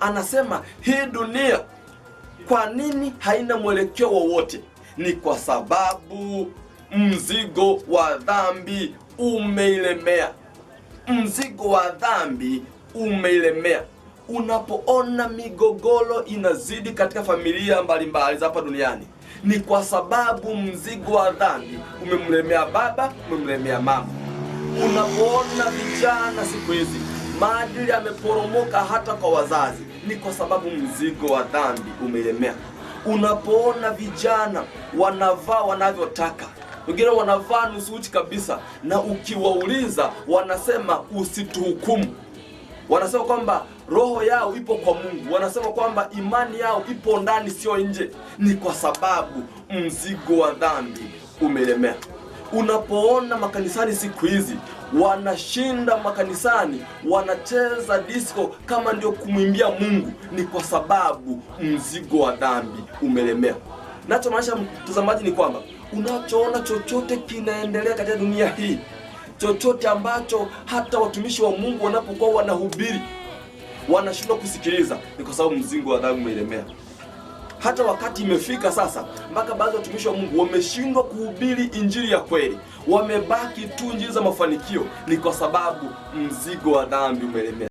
anasema hii dunia kwa nini haina mwelekeo wowote? Ni kwa sababu mzigo wa dhambi umeilemea. Mzigo wa dhambi umeilemea. Unapoona migogoro inazidi katika familia mbalimbali za hapa duniani, ni kwa sababu mzigo wa dhambi umemlemea baba, umemlemea mama. Unapoona vijana siku hizi maadili yameporomoka hata kwa wazazi ni kwa sababu mzigo wa dhambi umelemea. Unapoona vijana wanavaa wanavyotaka, wengine wanavaa nusu uchi kabisa, na ukiwauliza wanasema usituhukumu. Wanasema kwamba roho yao ipo kwa Mungu, wanasema kwamba imani yao ipo ndani, sio nje. Ni kwa sababu mzigo wa dhambi umelemea. Unapoona makanisani siku hizi wanashinda makanisani, wanacheza disco kama ndio kumwimbia Mungu, ni kwa sababu mzigo wa dhambi umelemea Nachomaanisha mtazamaji, ni kwamba unachoona chochote kinaendelea katika dunia hii, chochote ambacho hata watumishi wa Mungu wanapokuwa wanahubiri wanashindwa kusikiliza, ni kwa sababu mzigo wa dhambi umelemea hata wakati imefika sasa mpaka baadhi ya watumishi wa Mungu wameshindwa kuhubiri injili ya kweli, wamebaki tu njia za mafanikio, ni kwa sababu mzigo wa dhambi umelemea.